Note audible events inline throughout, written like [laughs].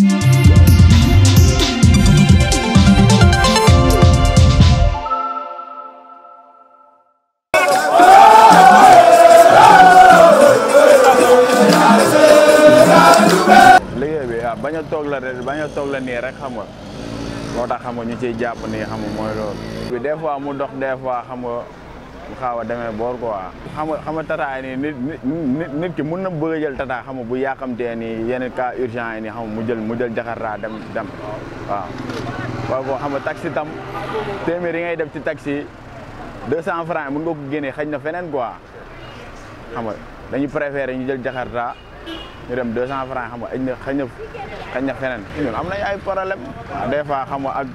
bañ a toog la rek bañ a toog la nii rek xam nga moo tax xam nga ñu ciy jàpp nii xam nga mooy loolu. bi des fois mu dox des fois xam nga. mu xaaw a demee boor quoi. xam nga xam nga tataa nit ki mun na bëgg a jël bu yàqamtee nii yenn cas urgent yi nii xam nga mu jël mu jël jakarta dem dem waaw. waaw boo xam taxi tam téeméer yi ngay def ci taxi deux cent franc yi mun nga ko génnee xëj na feneen quoi xam nga dañu préféré ñu jël jakarta ñu dem deux cent franc xam nga xëj na xëj na xëj na feneen. am nañ ay problème. des fois xam nga ak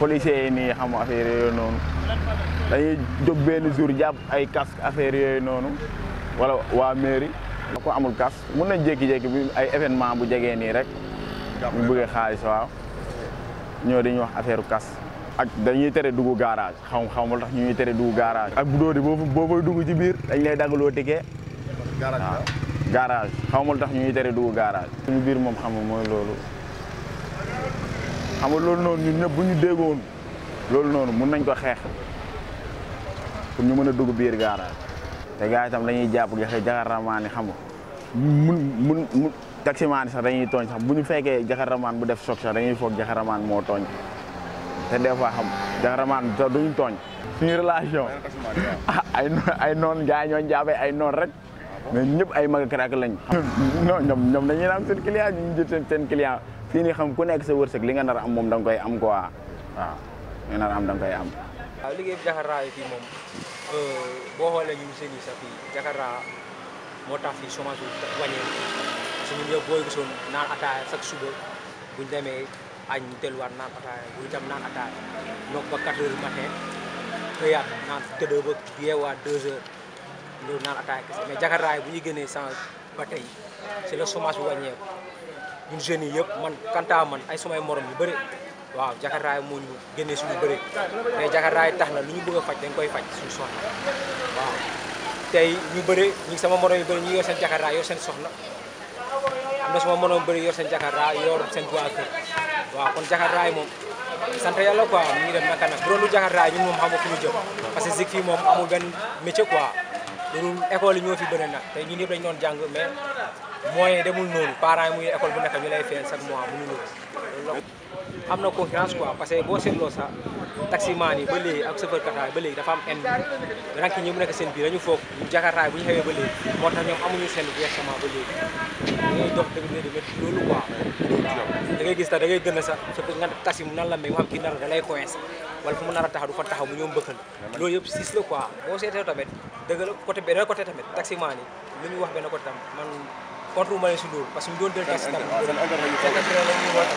policiers yi nii xam nga affaire noonu. dañuy jóg benn jour jàpp ay casque affaire yooyu noonu wala waa mairie. ko amul kas mun nañ jékki-jékki bi ay événement bu jegee nii rek. ñu bëggee xaalis waaw. ñoo dañuy wax affaire kas ak dañuy tere dugg garage xaw xaw ma tax ñu ñuy tere dugg garage. ak bu doodi boo boo fay dugg ci biir dañ lay daggaloo ticket. garage waaw garage xaw tax ñu ñuy tere dugg garage. suñu biir moom xam nga mooy loolu xam nga loolu noonu ñu déggoon. loolu noonu mun nañ ko xeex pour ñu mën a dugg biir gaaraal te gars itam dañuy jàpp jaxe jaxaramaan xam nga mun mun sax dañuy tooñ sax bu ñu fekkee jaxaramaan bu def soog sax dañuy foog jaxaramaan moo tooñ te des fois xam jaxaramaan sax duñu tooñ suñu relation [laughs] ay ay noon gars ñoo jàppee ay noon rek mais ñëpp ay mag ak lañ [laughs] non ñoom ñoom dañuy am seen client ñu jël seen seen client fii nii xam ku nekk sa wërsëg li nga nar am moom danga koy am quoi waaw ñu a am da nga koy am. waaw liggéey bi Jakarta yi moom euh, boo xoolee ñun seen i sa fii Jakarta moo tax fii chômage bi wàññeeku suñu ñëw booy gisoon naan ñu demee añ delluwaat naan ataaya bu itam ba 4 heures matin xëyaat naan tëdd ba yeewaat bu ñu génnee change ba tey si la chômage bi wàññeeku yi yëpp man kanta man ay sumay morom yu bëri. waaw jakartaay moo ñu génnee suñu bëri mais jakartaay tax na lu ñu bëgg a faj dañ koy faj suñu soxna waaw tey ñu bëri ñi sama morom yu bëri ñu yor seen jakartaay yor seen soxna am na sama bëri yor seen jakartaay yor seen waa kër waaw kon jakartaay moom sant yàlla quoi mu ngi dem naka nag bu doon lu jakartaay ñun moom xamu fu ñu jëm parce que Zik fii moom amul benn métier quoi loolu école yi ñoo fi bëri nag tey ñun yëpp dañu doon jàng mais moyen demul noonu parents yi muy école bu nekk ñu lay fayal chaque mois bu ñu loolu am na concurrence quoi parce boo seetloo sax taximaan yi ba léegi ak chauffeur léegi dafa am en bi rank ñi mu seen biir dañu foog jakartaay bu ñu tax ñoom amuñu seen versement ba léegi da ngay gis tax da ngay gën sax surtout nga taxi mu nan la may mu xam kii nar da lay a taxaw du fa taxaw mu ñoom bëkkal loolu yëpp siis la quoi boo seetee tamit dëgg la yi lu ñu wax benn côté tamit man contre ma ne si loolu parce que ñu doon jël taxi tamit ah, seen intérêt la ñuy woon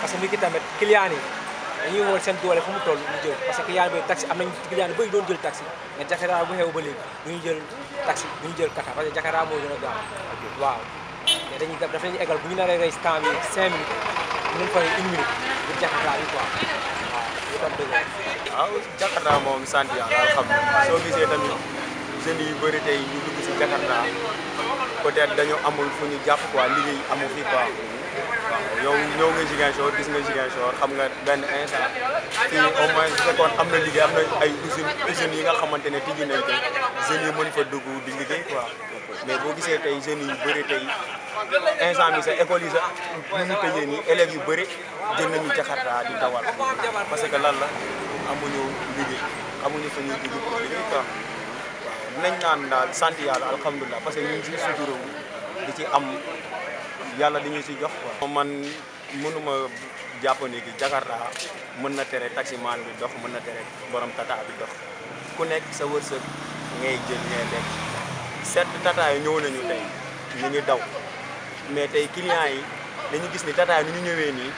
parce que nit ki tamit client yi dañuy woon seen doole fu mu toll ñu jël parce que client bi taxi am nañ client bëri doon jël taxi mais Jakarta bu xew ba léegi du ñu jël taxi du ñu jël kata parce que Jakarta moo gën a gaaw waaw mais dañuy daf dañuy égal bu ñu naree rey temps bi cinq minutes ñu fay une minute bu Jakarta bi quoi waaw lu tax dëgg waaw Jakarta moom sant yàlla xam soo gisee tamit jeunes yu bëri tey ñu dugg si Jakarta peut-être dañu amul fu ñu jàpp quoi liggéey amu fi quoi waaw yow ñëw nga Ziguinchor gis nga Ziguinchor xam nga benn instant fii au moins am na liggéey am na ay usine usines yi nga xamante ne tijji nañ ko yi mën fa dugg di liggéey quoi mais boo gisee tey jeunes yu bëri tey instant bi sa école yi sa nu tëjee nii élèves yu bëri jël nañu jakarta di dawal parce que lan la amuñu liggéey amuñu fa ñuy dugg liggéey quoi nañ naan daal sant yàlla alhamdulilah parce que ñu ngi si suturóo di ci am yàlla di ñu si jox quoi. man mënuma jàpp ni ki Jakarta mën na tere taximaan bi dox mën na tere borom tata bi dox ku nekk sa wërsëg ngay jël ngay lekk seet tata yi ñëw nañu tey ñu ngi daw mais tey clients yi dañu gis ni tata yi ñu ñëwee nii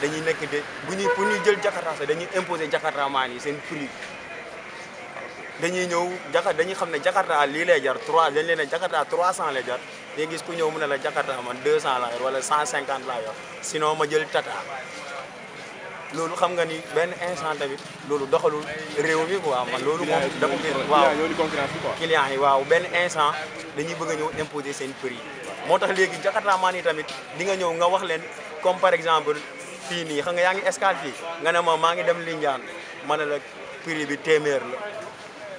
dañuy nekk de bu ñuy pour ñuy jël Jakarta sax dañuy imposer Jakarta maan yi seen prix dañuy ñëw jaka dañuy xam ne Jakarta lii lay jar 3 dañ leen ne Jakarta lay jar day gis ku ñëw mu ne la Jakarta man 200 laa yor wala 150 laa yor sinon ma jël Tata loolu xam nga ni benn instant tamit loolu doxalul réew mi quoi man loolu moom dama gis waaw clients yi waaw benn instant dañuy bëgg a ñëw imposer seen prix moo tax léegi Jakarta maa yi tamit di nga ñëw nga wax leen comme par exemple fii nii xam nga yaa ngi escale fii nga ne ma maa ngi dem Lindiane ma na la prix bi téeméer la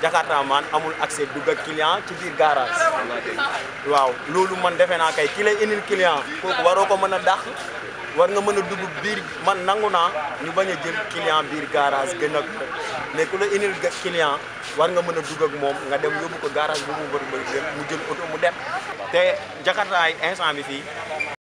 Jakarta man amul accès dugg ak client ci biir garage. waaw loolu man defe naa kay ki lay indil client kooku waroo ko mën a dàq war nga mën a dugg biir man nangu naa ñu bañ a jël client biir garage gën a mais ku la indil client war nga mën a dugg ak moom nga dem yóbbu ko garage bu mu bëri mu jël oto mu dem. te Jakarta ay instant bi fii.